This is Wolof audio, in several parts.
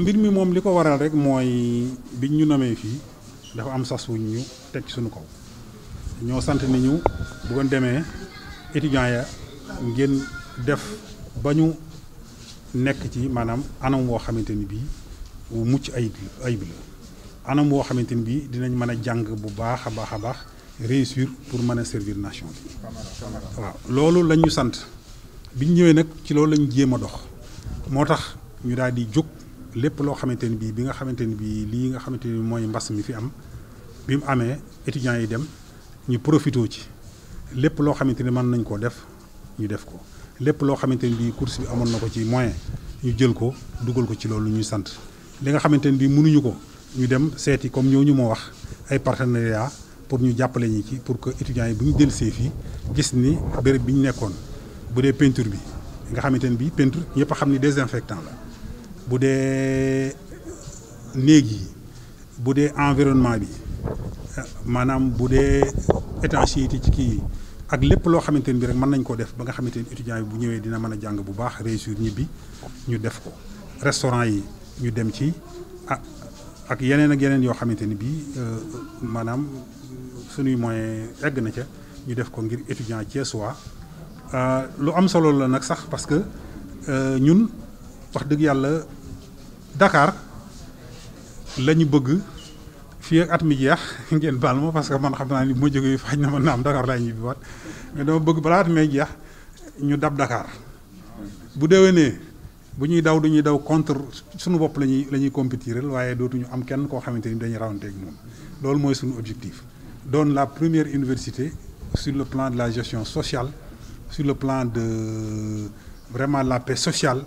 mbir mi moom li ko waral rek mooy biñ ñu namee fii dafa am sas wuñ ñu teg suñu kaw ñoo sant ni ñu bu ngeen demee étudiants ya ngeen def ba ñu nekk ci maanaam anam woo xamante ni bii mucc ayib ayib la anam woo xamante ni bii dinañ mën a jàng bu baax a baax a baax réussir pour mën a servir nation bi waaw loolu la ñu sant biñ ñëwee nag ci loolu lañ jéem a dox moo tax ñu daal jóg lépp loo xamante ni bii bi nga xamante ni bii lii nga xamante ni mooy mbas mi fi am bi mu amee étudiants yi dem ñu profité ci lépp loo xamante ni mën nañ koo def ñu def ko lépp loo xamante ni bii course bi amoon na ko ci moyen ñu jël ko dugal ko ci loolu ñuy sant li nga xamante ni bii mënuñu ko ñu dem seeti comme ñu moo wax ay partenariat pour ñu jàppale ñi ci pour que étudiants yi bu ñu dellusee fii gis ni béréb bi ñu nekkoon bu dee peinture bi nga xamante ne bii peinture ñëpp xam ni désinfectant la. bu dee néeg yi bu dee environnement bi maanaam bu dee étanchéité ci kii ak lépp loo xamante ni bi rek mën nañ koo def ba nga xamante ni étudiant yi bu ñëwee dina mën a jàng bu baax réussir ñibbi ñu def ko restaurant yi ñu dem ci ah ak yeneen ak yeneen yoo xamante ni bii euh, maanaam suñuy moyen egg na ca ñu def ko ngir étudiant Thiessois euh, lu am solo la nag sax parce que euh, ñun wax dëgg yàlla Dakar la ñu bëgg fii at mi jeex ngeen baal ma parce que man xam naa ni bu ma jógee faj na mën naa am Dakar laay ñibbiwaat mais dama bëgg balaa at may jeex ñu dab Dakar bu déwénee bu ñuy daw du ñuy daw contre sunu bopp la ñuy la ñuy compétiral waaye dootuñu am kenn koo xamante ni dañuy rawanteeg moom loolu mooy suñu objectif doon la première université sur le plan de la gestion sociale sur le plan de vraiment la paix sociale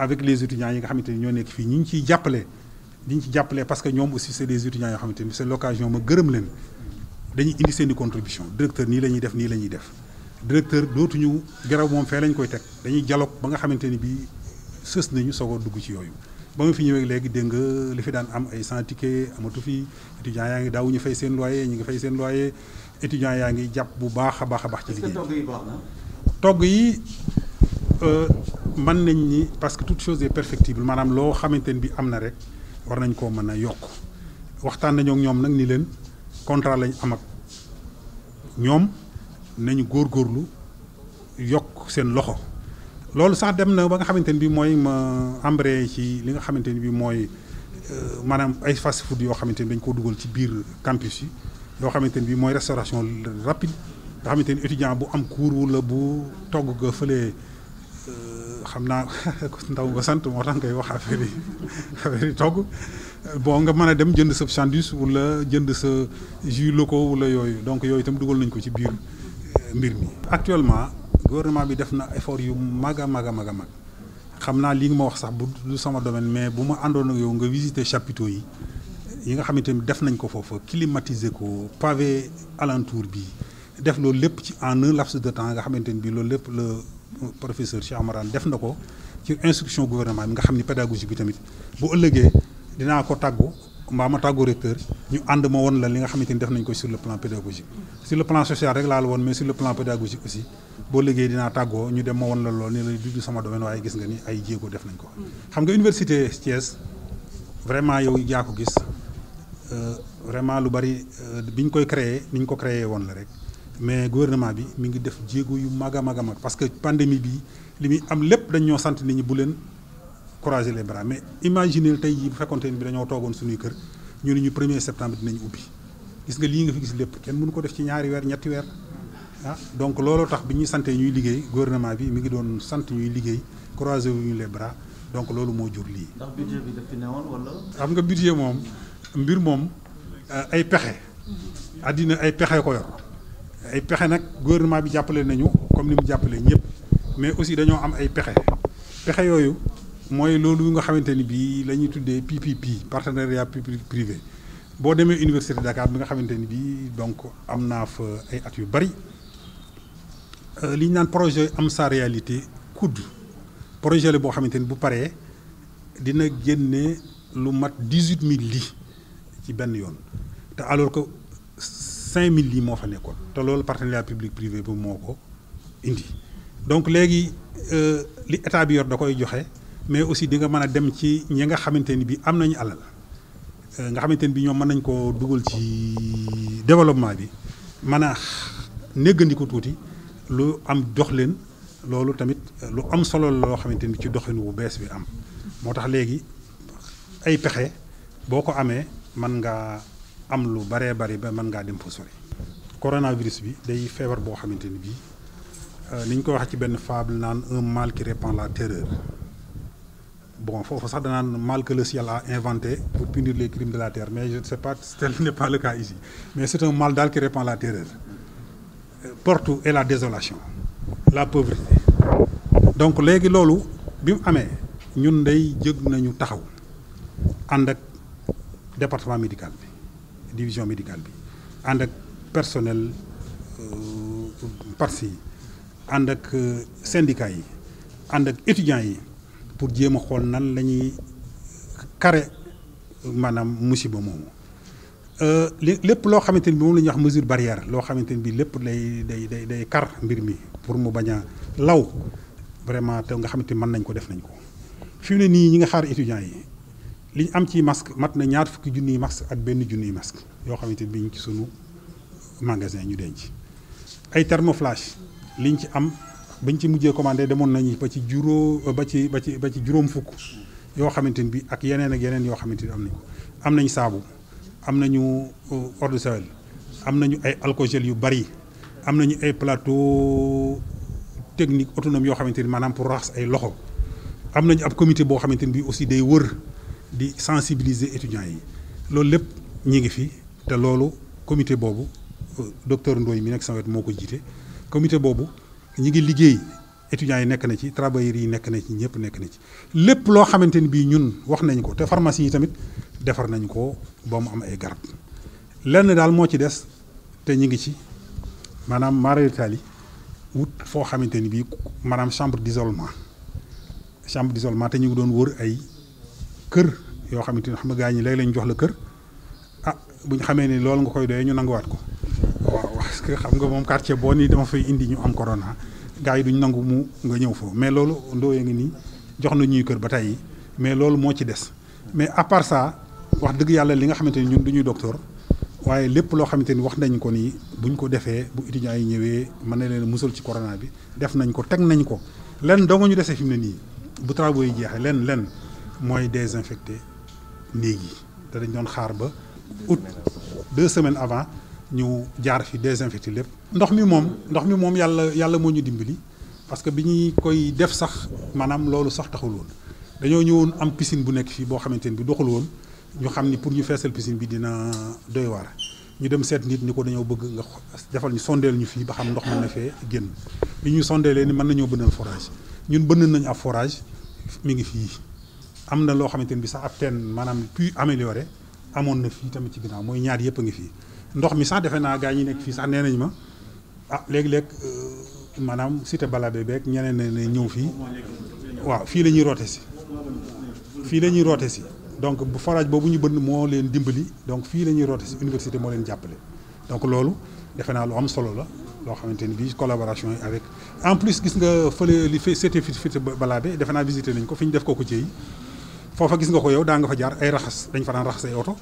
avec les étudiants yi nga xamante ni ñoo nekk fii ñi ñu ciy jàppale di ñu ci jàppale parce que ñoom aussi c'est des étudiants yoo xamante ni c'est l'occasion ma gërëm leen dañuy indi seen i contribution directeur nii la def nii la def directeur dootuñu garaw moom fee lañ koy teg dañuy dialogue ba nga xamante ni bii sës nañu soog a dugg ci yooyu ba ma fi ñëwee léegi dégg nga li fi daan am ay sans amatu fi étudiants yaa ngi daawuñu fay seen loyer ñu ngi fay seen loyer étudiants yaa ngi jàpp bu baax a baax a baax ci liggéey togg yi man nañ ñi parce que tout chose est perfectible maanaam loo xamante ne bi am na rek war nañ koo mën a yokk waxtaan nañoo ñoom nag ni leen contrat lañ am ak ñoom nañu góor góorlu yokk seen loxo loolu sax dem na ba nga xamante ne bi mooy ma embrayé ci li nga xamante ne bi mooy euh, maanaam ay fast food yoo xamante ni dañ koo dugal ci biir campus yi yoo xamante ne bi mooy restauration rapide nga xamante ni étudiant bu am cours wala bu togg ga fële xam naa ndaw nga sant moo tax koy wax affaire yi affaire togg bon nga mën a dem jënd sa sandwich wala jënd sa jus locaux wala yooyu donc yooyu itam dugal nañ ko ci biir euh, mbir mi. actuellement gouvernement bi def na effort yu mag a mag a mag a mag xam naa lii nga wax sax bu sama domaine mais bu ma àndoon nga visiter chapiteaux yi yi nga xamante ni def nañ ko foofa climatiser ko pavé alentour bi def loolu lépp ci en un laps de temps nga xamante ni bii loolu lépp la. professeur Cheikh Amarane def na ko ci instruction gouvernement bi nga xam ni pédagogie bi tamit bu ëllëgee dinaa ko tàggu mbaa ma tàggu recteur ñu ànd ma woon la li nga xamante ni def nañ ko sur le plan pédagogique sur le plan social rek laa woon mais sur le plan pédagogique aussi boo liggéey dinaa tàggoo ñu dem ma woon la lool ni la du sama domaine waaye gis nga ni ay jéego def nañ ko xam nga université Thiès vraiment yow yaa ko gis euh, vraiment lu bari euh, bi ñu koy créer ni ñu ko créer woon la rek mais gouvernement bi mi ngi def jéego yu mag a mag a mag parce que pandémie bi li muy am lépp dañ ñoo sant ni ñi bu leen croiser les bras mais imaginer tey jii bu fekkonte ne bi dañoo toogoon suñuy kër ñu ne ñu premier septembre dinañ ubbi gis nga lii nga fi gis lépp kenn mënu ko def ci ñaari weer ñetti weer ah donc looloo tax bi ñuy santee ñuy liggéey gouvernement bi mi ngi doon sant ñuy liggéey croiser wu ñu les bras donc loolu moo jur lii. ndax budget bi dafa wala. xam nga budget moom mbir moom euh, ay pexe. Mm-hmm. àddina ay pexe ko yor. ay pexe nag gouvernement bi jàppale nañu comme ni mu jàppale ñëpp mais aussi dañoo am ay pexe pexe yooyu mooy loolu nga xamante ni bii tuddee ñuy tuddee PPP partenariat public privé boo demee université Dakar bi nga xamante ni bii donc am naa fa ay at yu bari euh, liñ naan projet am sa réalité COUD projet la boo xamante ni bu paree dina génne lu mat dix-huit mille lits ci benn yoon te alors cinq 5000 yi moo fa nekkoon te loolu partenariat public privé bi moo ko indi donc léegi euh, li état bi yor da koy joxe mais aussi di nga mën a dem ci ñi nga xamante ni bi am nañu alal euh, nga xamante ni bi ñoom mën nañ koo dugal ci développement bi mën a néggandiku tuuti lu am dox leen loolu tamit euh, lu am solo loo xamante ni ci doxin wu bees bi am moo tax léegi ay pexe boo ko amee man nga am lu baree bari ba mën ngaa dem fa sori. coronavirus bi day feebar boo xamante ni bii euh, ni ñu ko wax ci benn fable naan un mal qui répand la terreur bon foofu sax danaan mal que le ciel a inventé pour punir les crimes de la terre mais je ne sais pas tel n'est pas le cas ici mais c'est un mal daal qui répand la terreur euh, partout et la désolation la pauvreté donc léegi loolu bi mu amee ñun day jëg nañu taxaw ànd ak département médical bi. division médicale bi ànd ak personnel euh, parti yi ànd ak euh, syndicat yi ànd ak étudiants yi pour jéem a xool nan la ñuy kare maanaam musiba moomu euh, li lépp loo xamante ni bi moom la ñuy wax mesure barrière loo xamante ni bi lépp day day day day kar mbir mi pour mu bañ a law vraiment te nga xamante ni mën nañ ko def nañ ko fi ne nii ñi nga xaar étudiants yi li ñu am ci masque mat na ñaar fukki junniy masque ak benn junniy masque yoo xamante bi ñu ci sunu magasin ñu denc ay thermoflash liñ ci am bañ ci mujjee commandé demoon nañu ba ci juróo ba ci ba ci ba ci juróom fukk yoo xamante ni bi ak yeneen ak yeneen yoo xamante ni am nañ am nañ saabu am nañu euh, eau de Javel am nañu ay alcogel yu bari am nañu ay plateau technique autonome yoo xamante ni maanaam pour raxas ay loxo am nañu ab comité boo xamante ni bi aussi day wër di sensibiliser étudiants yi loolu lépp ñi ngi fi te loolu comité boobu euh, docteur Ndoye mi nekk sama wet moo ko jiite comité boobu ñi ngi liggéey étudiants yi nekk na ci travailleurs yi nekk na ci ñëpp nekk na ci lépp loo xamante ni bii ñun wax nañ ko te pharmacie yi tamit defar nañ ko ba mu am ay garab lenn daal moo ci des te ñu ngi ci maanaam maaraytaal yi wut foo xamante ni bii maanaam chambre d'isolement chambre d'isolement te ñu ngi doon wër ay kër yoo xamante ni xam nga gaa ñi léegi lañ jox la kër ah bu ñu xamee ni loolu nga koy doyee ñu nanguwaat ko waaw parce que xam nga moom quartier boo nii dama fay indi ñu am korona gaa yi duñ nangu mu nga ñëw foofu mais loolu ndooyee ngi nii jox na ñuy kër ba tey mais loolu moo ci des mais à part wax dëgg yàlla li nga xamante ni ñun du ñuy docteur waaye lépp loo xamante ni wax nañ ko nii bu ñu ko defee bu étudiants yi ñëwee mën na leen musal ci corona bi def nañ ko teg nañ ko lenn doo nga ñu desee fi mu ne nii bu travaux yi jeexee lenn lenn mooy désinfecté néeg yi te dañ doon xaar ba out deux semaines avant ñu jaar fi désinfecté lépp ndox mi moom ndox mi moom yàlla yàlla moo ñu dimbali parce que bi ñuy koy def sax maanaam loolu sax taxul woon dañoo ñëwoon am piscine bu nekk fii boo xamante ne bi doxul woon ñu xam ni pour ñu feesal piscine bi dina doy war ñu dem seet nit ñi ko dañoo bëgg nga defal ñu sondeel ñu fii ba xam ndox mën na fee génn bi ñu sondeelee ni mën nañoo bënnal forage ñun bënn nañ ab forage mi ngi fii am na loo xamante ni bi sax ab teen maanaam puits amélioré amoon na fii tamit ci ginnaaw mooy ñaar yëpp a ngi fii ndox mi sax defe naa gaa ñi nekk fii sax nee nañ ma ah léeg-léeg euh, maanaam cité Balabé beeg ñeneen nañ ñëw fii waaw fii la ñuy roote si fii la ñuy roote si donc bu forage boobu ñu bënn moo leen dimbali donc fii la ñuy roote si université moo leen jàppale donc loolu defe naa lu am solo la loo xamante ni bii collaboration yi avec en plus gis nga fële li fee cité fi cité Balabé defe naa visité nañ ko fi ñu def ko ko ci foofa gis nga ko yow daa nga fa jaar ay raxas dañ fa daan raxas ay oto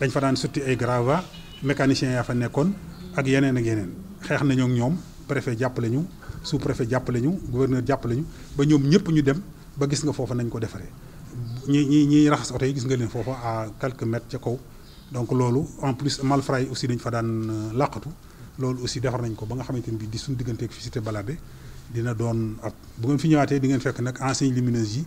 dañ fa daan sotti ay grava mécanicien yaa fa nekkoon ak yeneen ak yeneen xeex nañoo ak ñoom préfet jàppale ñu sous jàpp jàppale ñu gouverneur jàppale ñu ba ñoom ñëpp ñu dem ba gis nga foofa nañ ko defaree ñi ñi ñiy raxas oto yi gis nga leen foofa à quelques mètres ca kaw donc loolu en plus malfrats yi aussi dañ fa daan euh, làqatu loolu aussi defar nañ ko ba nga xamante ni bi di suñ digganteeg fi cité Balabé dina doon ab fi ñëwaatee di ngeen fekk nag enseignes lumineuses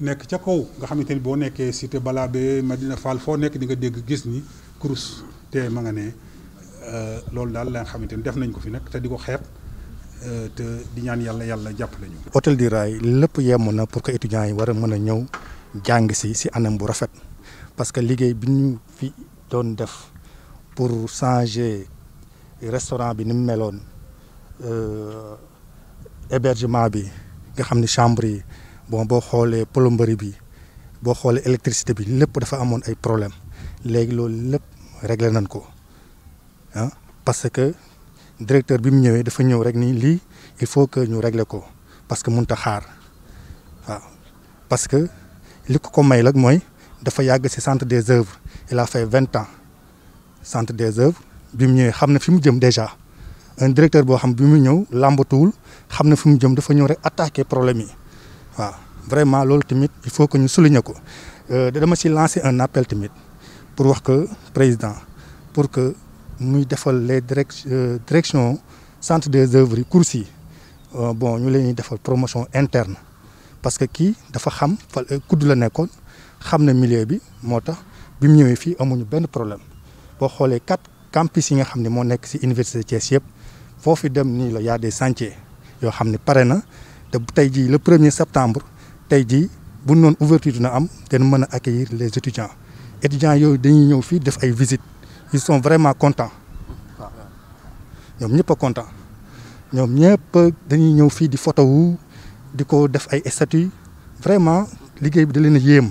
nekk ca kaw nga xamante ni boo nekkee cité Balabé Medina Fall foo nekk di nga dégg gis ni kurus te ma nga ne euh, loolu daal la nga xamante ni def nañ ko fi nag te di ko xeet euh, te di ñaan yàlla yàlla jàppale ñu. hôtel du Rail lépp yemoon na pour que étudiants yi war a mën a ñëw jàng si si anam bu rafet parce que liggéey bi ñu fi doon def pour changer restaurant bi ni mu meloon euh, hébergement bi nga xam ni chambre yi. bon boo xoolee plomberie bi boo xoolee électricité bi lépp dafa amoon ay problème léegi loolu lépp réglé nañ ko ah parce que directeur bi mu ñëwee dafa ñëw rek nii lii il faut que ñu réglé ko parce que mun a xaar parce que li ko ko may nag mooy dafa yàgg si centre des œuvres il a fait vingt ans centre des œuvres bi mu ñëwee xam na fi mu jëm déjà un directeur boo xam bi mu ñëw làmbatuwul xam na fi mu jëm dafa ñëw rek attaquer problème yi. waaw vraiment loolu tamit il faut que ñu souligner ko euh, dama si lancer un appel tamit pour wax ko président pour que muy defal les direct euh, direction centre des œuvres yi courses yi euh, bon ñu leen ñuy defal promotion interne parce que kii dafa xam fa kudd la nekkoon xam na milieu bi moo tax bi mu ñëwee fii amuñu benn problème boo xoolee quatre campus yi nga xam ne moo nekk si université Thiès yëpp foofu dem nii la y a des chantiers yoo xam ne pare na te tey jii le premier septembre tey jii bu noonu ouverture dina am dina mën a accueillir les étudiants étudiants yooyu dañuy ñëw fii def ay visites ils sont vraiment contents waaw ñoom ñëpp a contents ñoom ñëpp dañuy ñëw fii di photo di ko def ay statut vraiment liggéey bi da leen a yéem.